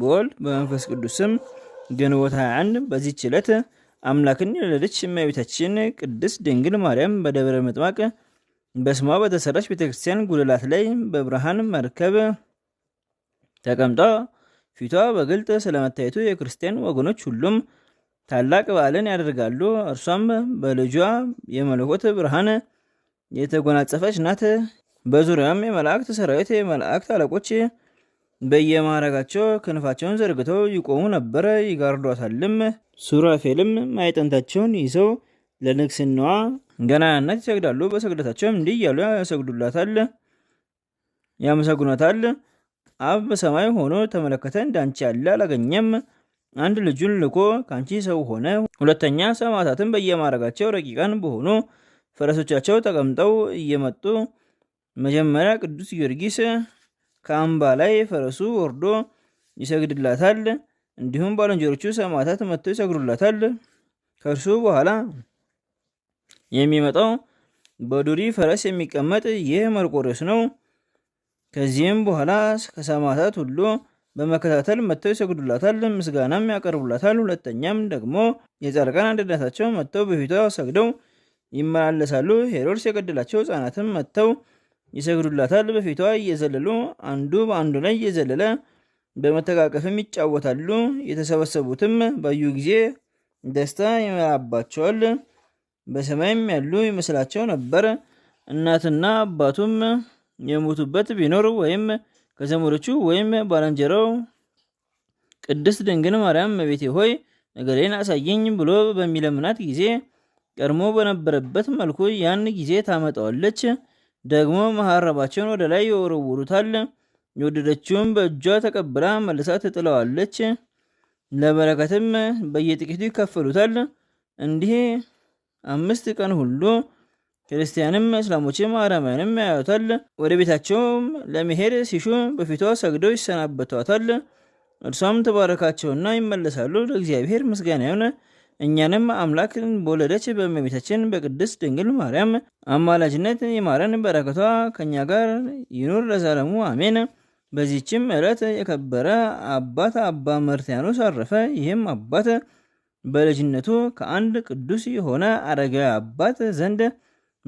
በወልድ በመንፈስ ቅዱስም ግንቦት 21 በዚህች ዕለት አምላክን የወለደች እመቤታችን ቅድስት ድንግል ማርያም በደብረ ምጥማቅ በስሟ በተሰራች ቤተክርስቲያን ጉልላት ላይ በብርሃን መርከብ ተቀምጣ ፊቷ በግልጥ ስለመታየቱ የክርስቲያን ወገኖች ሁሉም ታላቅ በዓልን ያደርጋሉ። እርሷም በልጇ የመለኮት ብርሃን የተጎናጸፈች ናት። በዙሪያም የመላእክት ሰራዊት፣ የመላእክት አለቆች በየማዕረጋቸው ክንፋቸውን ዘርግተው ይቆሙ ነበረ፣ ይጋርዷታልም። ሱራፌልም ማዕጠንታቸውን ይዘው ለንግስናዋ ገናናነት ይሰግዳሉ። በስግደታቸውም እንዲህ እያሉ ያሰግዱላታል፣ ያመሰግኗታል። አብ በሰማይ ሆኖ ተመለከተ፣ እንዳንቺ ያለ አላገኘም። አንድ ልጁን ልኮ ከአንቺ ሰው ሆነ። ሁለተኛ ሰማዕታትን በየማዕረጋቸው ረቂቃን በሆኑ ፈረሶቻቸው ተቀምጠው እየመጡ መጀመሪያ ቅዱስ ጊዮርጊስ ከአምባ ላይ ፈረሱ ወርዶ ይሰግድላታል። እንዲሁም ባልንጀሮቹ ሰማዕታት መጥተው ይሰግዱላታል። ከእርሱ በኋላ የሚመጣው በዱሪ ፈረስ የሚቀመጥ ይህ መርቆሬዎስ ነው። ከዚህም በኋላ ከሰማዕታት ሁሉ በመከታተል መጥተው ይሰግዱላታል፣ ምስጋናም ያቀርቡላታል። ሁለተኛም ደግሞ የጻድቃን አንድነታቸው መጥተው በፊቷ ሰግደው ይመላለሳሉ። ሄሮድስ የገደላቸው ሕፃናትም መጥተው ይሰግዱላታል። በፊቷ እየዘለሉ አንዱ በአንዱ ላይ እየዘለለ በመተቃቀፍም ይጫወታሉ። የተሰበሰቡትም ባዩ ጊዜ ደስታ ይመራባቸዋል። በሰማይም ያሉ ይመስላቸው ነበር። እናትና አባቱም የሞቱበት ቢኖር ወይም ከዘመዶቹ ወይም ባልንጀራው ቅድስት ድንግል ማርያም እመቤቴ ሆይ ነገሬን አሳየኝ ብሎ በሚለምናት ጊዜ ቀድሞ በነበረበት መልኩ ያን ጊዜ ታመጣዋለች። ደግሞ መሐረባቸውን ወደ ላይ ይወረውሩታል። የወደደችውን በእጇ ተቀብላ መልሳ ትጥለዋለች። ለበረከትም በየጥቂቱ ይከፈሉታል። እንዲህ አምስት ቀን ሁሉ ክርስቲያንም እስላሞችም አረማውያንም ያዩታል። ወደ ቤታቸውም ለመሄድ ሲሹ በፊቷ ሰግደው ይሰናበቷታል። እርሷም ተባረካቸውና ይመለሳሉ። ለእግዚአብሔር ምስጋና ይሁን። እኛንም አምላክን በወለደች በእመቤታችን በቅድስት ድንግል ማርያም አማላጅነት የማረን። በረከቷ ከእኛ ጋር ይኑር ለዘለሙ አሜን። በዚህችም ዕለት የከበረ አባት አባ መርትያኖስ አረፈ። ይህም አባት በልጅነቱ ከአንድ ቅዱስ የሆነ አረጋዊ አባት ዘንድ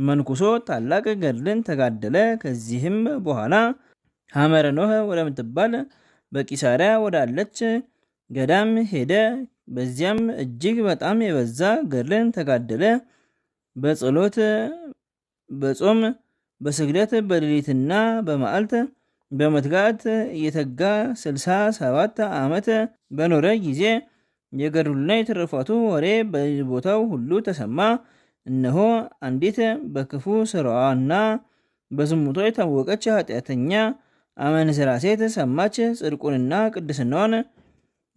መንኩሶ ታላቅ ገድልን ተጋደለ። ከዚህም በኋላ ሐመረ ኖህ ወደምትባል በቂሳሪያ ወዳለች ገዳም ሄደ። በዚያም እጅግ በጣም የበዛ ገድልን ተጋደለ። በጸሎት በጾም በስግደት በሌሊትና በመዓልት በመትጋት እየተጋ 67 ዓመት በኖረ ጊዜ የገድሉና የትርፋቱ ወሬ በቦታው ሁሉ ተሰማ። እነሆ አንዲት በክፉ ስራዋና በዝሙቷ የታወቀች ኃጢአተኛ አመንዝራ ሴት ሰማች። ጽድቁንና ቅድስናዋን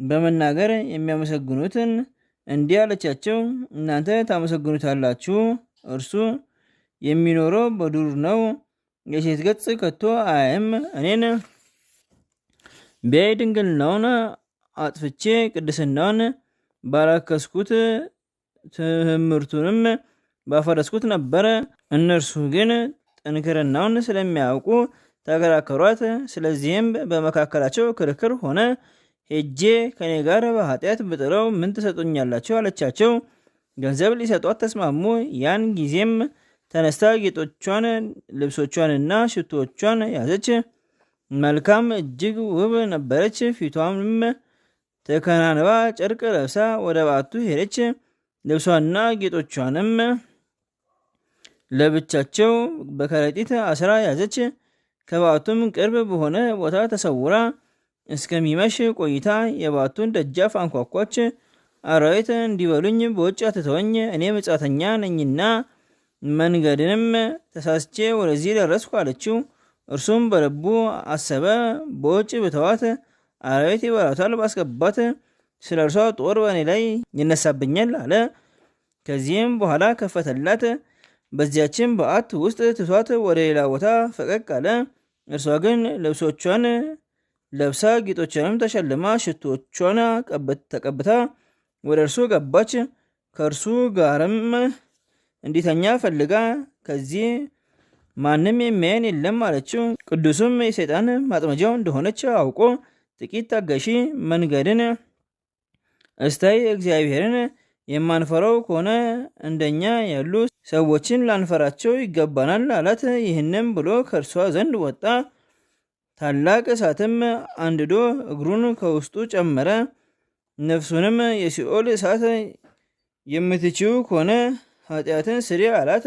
በመናገር የሚያመሰግኑትን እንዲህ አለቻቸው፣ እናንተ ታመሰግኑታላችሁ፣ እርሱ የሚኖረው በዱር ነው፣ የሴት ገጽ ከቶ አያይም። እኔን ቢያይ ድንግልናውን አጥፍቼ ቅድስናውን ባላከስኩት ትምህርቱንም ባፈረስኩት ነበር። እነርሱ ግን ጥንክርናውን ስለሚያውቁ ተከራከሯት። ስለዚህም በመካከላቸው ክርክር ሆነ። ሄጄ ከኔ ጋር በኃጢአት ብጥረው ምን ትሰጡኛላችሁ? አለቻቸው። ገንዘብ ሊሰጧት ተስማሙ። ያን ጊዜም ተነስታ ጌጦቿን፣ ልብሶቿንና ሽቶዎቿን ያዘች። መልካም እጅግ ውብ ነበረች። ፊቷም ተከናንባ ጨርቅ ለብሳ ወደ በዓቱ ሄደች። ልብሷና ጌጦቿንም ለብቻቸው በከረጢት አስራ ያዘች። ከበዓቱም ቅርብ በሆነ ቦታ ተሰውራ እስከሚመሽ ቆይታ የባቱን ደጃፍ አንኳኳች። አራዊት እንዲበሉኝ በውጭ አትተወኝ፣ እኔ መጻተኛ ነኝና መንገድንም ተሳስቼ ወደዚህ ደረስኩ አለችው። እርሱም በልቡ አሰበ፣ በውጭ ብተዋት አራዊት ይበራቷል ባስገባት ስለ እርሷ ጦር በእኔ ላይ ይነሳብኛል አለ። ከዚህም በኋላ ከፈተላት። በዚያችን በአት ውስጥ ትቷት ወደ ሌላ ቦታ ፈቀቅ አለ። እርሷ ግን ልብሶቿን ለብሳ ጌጦችንም ተሸልማ ሽቶቿን ተቀብታ ወደ እርሱ ገባች። ከእርሱ ጋርም እንዲተኛ ፈልጋ ከዚህ ማንም የሚያይን የለም አለችው። ቅዱሱም የሰይጣን ማጥመጃው እንደሆነች አውቆ ጥቂት ታጋሺ መንገድን እስታይ እግዚአብሔርን የማንፈራው ከሆነ እንደኛ ያሉ ሰዎችን ላንፈራቸው ይገባናል አላት። ይህንም ብሎ ከእርሷ ዘንድ ወጣ። ታላቅ እሳትም አንድዶ እግሩን ከውስጡ ጨመረ። ነፍሱንም የሲኦል እሳት የምትችው ከሆነ ኃጢአትን ስሪ አላት።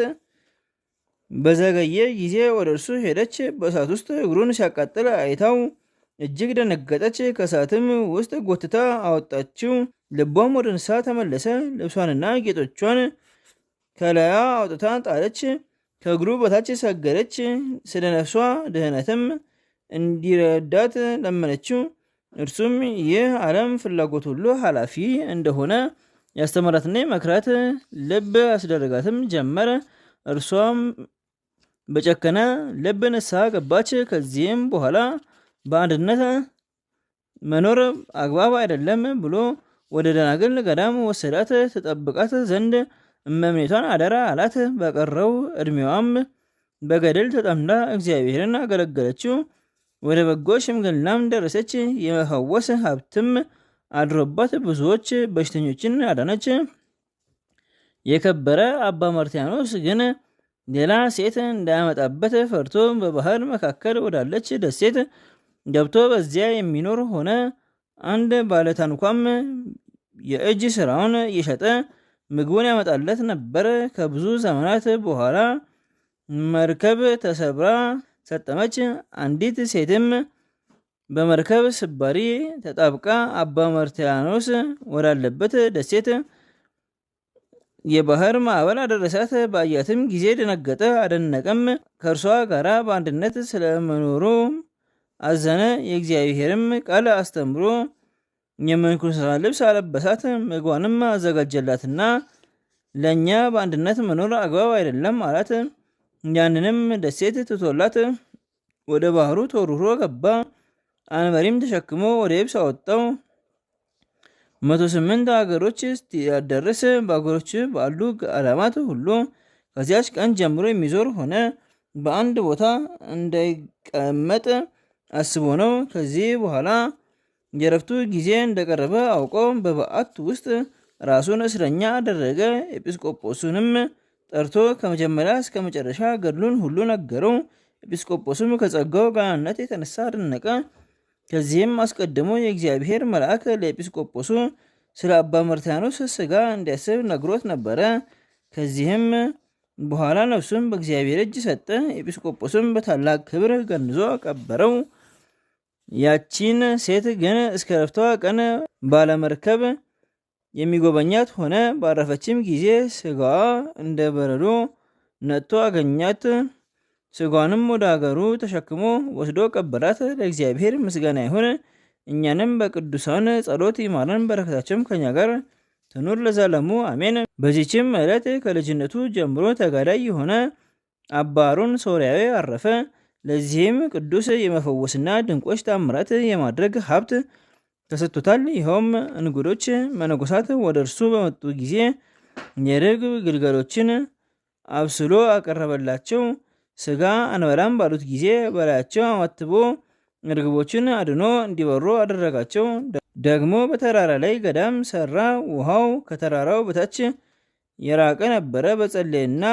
በዘገየ ጊዜ ወደ እርሱ ሄደች። በእሳት ውስጥ እግሩን ሲያቃጥል አይታው እጅግ ደነገጠች። ከእሳትም ውስጥ ጎትታ አወጣችው። ልቧም ወደ ንስሐ ተመለሰ። ልብሷንና ጌጦቿን ከላያ አውጥታ ጣለች። ከእግሩ በታች ሰገደች። ስለ ነፍሷ ድህነትም እንዲረዳት ለመነችው። እርሱም ይህ ዓለም ፍላጎት ሁሉ ኃላፊ እንደሆነ ያስተምራትና መክራት ልብ አስደረጋትም ጀመር። እርሷም በጨከነ ልብ ንሳ ገባች። ከዚህም በኋላ በአንድነት መኖር አግባብ አይደለም ብሎ ወደ ደናግል ገዳም ወሰዳት። ተጠብቃት ዘንድ እመምኔቷን አደራ አላት። በቀረው እድሜዋም በገድል ተጠምዳ እግዚአብሔርን አገለገለችው። ወደ በጎ ሽምግልናም ደረሰች። የመፈወስ ሀብትም አድሮባት ብዙዎች በሽተኞችን አዳነች። የከበረ አባ መርትያኖስ ግን ሌላ ሴት እንዳያመጣበት ፈርቶ በባህር መካከል ወዳለች ደሴት ገብቶ በዚያ የሚኖር ሆነ። አንድ ባለታንኳም የእጅ ስራውን እየሸጠ ምግቡን ያመጣለት ነበር። ከብዙ ዘመናት በኋላ መርከብ ተሰብራ ሰጠመች። አንዲት ሴትም በመርከብ ስባሪ ተጣብቃ አባ መርትያኖስ ወዳለበት ደሴት የባህር ማዕበል አደረሳት። በአያትም ጊዜ ደነገጠ፣ አደነቀም። ከእርሷ ጋራ በአንድነት ስለመኖሩ አዘነ። የእግዚአብሔርም ቃል አስተምሮ የምንኩስና ልብስ አለበሳት። ምግቧንም አዘጋጀላትና ለእኛ በአንድነት መኖር አግባብ አይደለም አላት። ያንንም ደሴት ትቶላት ወደ ባህሩ ተሩሮ ገባ። አንበሪም ተሸክሞ ወደ የብስ አወጣው። መቶ ስምንት ሀገሮች እስኪያደርስ በሀገሮች ባሉ አላማት ሁሉ ከዚያች ቀን ጀምሮ የሚዞር ሆነ። በአንድ ቦታ እንዳይቀመጥ አስቦ ነው። ከዚህ በኋላ የረፍቱ ጊዜ እንደቀረበ አውቆ በበዓት ውስጥ ራሱን እስረኛ አደረገ። ኤጲስቆጶሱንም ጠርቶ ከመጀመሪያ እስከ መጨረሻ ገድሉን ሁሉ ነገረው። ኤጲስቆጶስም ከጸጋው ጋናነት የተነሳ አደነቀ። ከዚህም አስቀድሞ የእግዚአብሔር መልአክ ለኤጲስቆጶሱ ስለ አባ መርትያኖስ ስጋ እንዲያስብ ነግሮት ነበረ። ከዚህም በኋላ ነፍሱን በእግዚአብሔር እጅ ሰጠ። ኤጲስቆጶስም በታላቅ ክብር ገንዞ ቀበረው። ያቺን ሴት ግን እስከ ረፍተዋ ቀን ባለመርከብ የሚጎበኛት ሆነ። ባረፈችም ጊዜ ስጋዋ እንደ በረዶ ነጥቶ አገኛት። ስጋዋንም ወደ አገሩ ተሸክሞ ወስዶ ቀበራት። ለእግዚአብሔር ምስጋና ይሁን፣ እኛንም በቅዱሳን ጸሎት ይማረን፣ በረከታቸውም ከኛ ጋር ትኑር ለዘለሙ አሜን። በዚችም ዕለት ከልጅነቱ ጀምሮ ተጋዳይ የሆነ አባሩን ሶርያዊ አረፈ። ለዚህም ቅዱስ የመፈወስና ድንቆች ታምራት የማድረግ ሀብት ተሰጥቶታል። ይኸውም እንግዶች መነኮሳት ወደ እርሱ በመጡ ጊዜ የርግብ ግልገሎችን አብስሎ አቀረበላቸው። ስጋ አንበላም ባሉት ጊዜ በላያቸው አማትቦ ርግቦችን አድኖ እንዲበሩ አደረጋቸው። ደግሞ በተራራ ላይ ገዳም ሰራ። ውሃው ከተራራው በታች የራቀ ነበረ። በጸለይና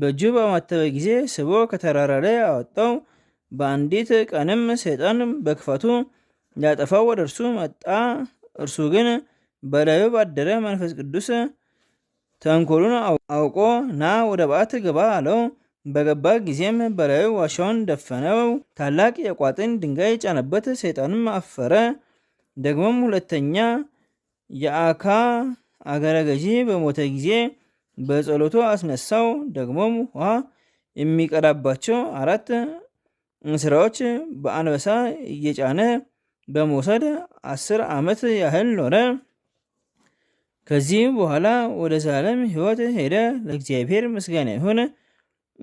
በእጁ በማተበ ጊዜ ስቦ ከተራራ ላይ አወጣው። በአንዲት ቀንም ሰይጣን በክፋቱ ሊያጠፋው ወደ እርሱ መጣ። እርሱ ግን በላዩ ባደረ መንፈስ ቅዱስ ተንኮሉን አውቆ ና ወደ በዓት ግባ አለው። በገባ ጊዜም በላዩ ዋሻውን ደፈነው፣ ታላቅ የቋጥኝ ድንጋይ ጫነበት። ሰይጣንም አፈረ። ደግሞም ሁለተኛ የአካ አገረ ገዢ በሞተ ጊዜ በጸሎቱ አስነሳው። ደግሞም ውሃ የሚቀዳባቸው አራት እንስራዎች በአንበሳ እየጫነ በመውሰድ አስር ዓመት ያህል ኖረ። ከዚህም በኋላ ወደ ዘላለም ሕይወት ሄደ። ለእግዚአብሔር ምስጋና ይሁን፣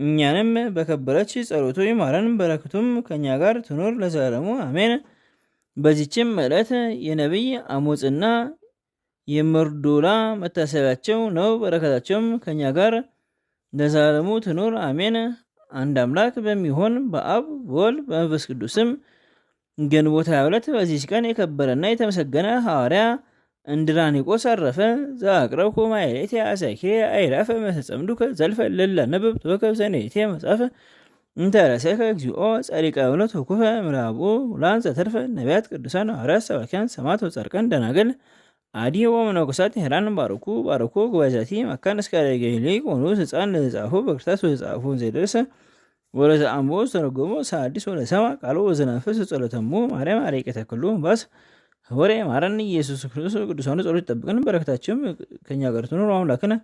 እኛንም በከበረች ጸሎቱ ይማረን፣ በረከቱም ከእኛ ጋር ትኑር ለዘላለሙ አሜን። በዚችም ዕለት የነቢይ አሞጽና የመርዶላ መታሰቢያቸው ነው። በረከታቸውም ከእኛ ጋር ለዘላለሙ ትኑር አሜን። አንድ አምላክ በሚሆን በአብ በወልድ በመንፈስ ቅዱስም ግንቦት 22 በዚች ቀን የከበረና የተመሰገነ ሐዋርያ እንድራኒቆስ አረፈ። ዘአቅረብኩ ማኅሌተ አሳኬ አይራፈ መተጸምዱከ ዘልፈ ለላ ነብብ ወከብሰኔቴ መጻፈ እንተረሰከ እግዚኦ ጸሪቀ ብሎ ተኩፈ ምራቡ ሙላን ዘተርፈ ነቢያት፣ ቅዱሳን፣ ሐዋርያት፣ ሰባኪያን፣ ሰማዕት ወጻድቃን፣ ደናግል አዲ ወመነኮሳት ሄራን ባርኩ ባርኩ ጉባዛቲ መካን እስከ ገሊሊ ቆኑ ህፃን ለጻፉ በክርታስ ወጻፉ ዘይደርሰ ወለዘአምቦ ዝተረጎሞ ሰአዲስ ሰማ ቃሉ ወዘናፍስ ጸሎተሙ ማርያም አርቄ ተክሉ ባስ ወሬ ማረን ኢየሱስ ክርስቶስ ቅዱሳኑ ጸሎት ይጠብቅን። በረከታችንም ከእኛ ጋር ትኑር አምላክነ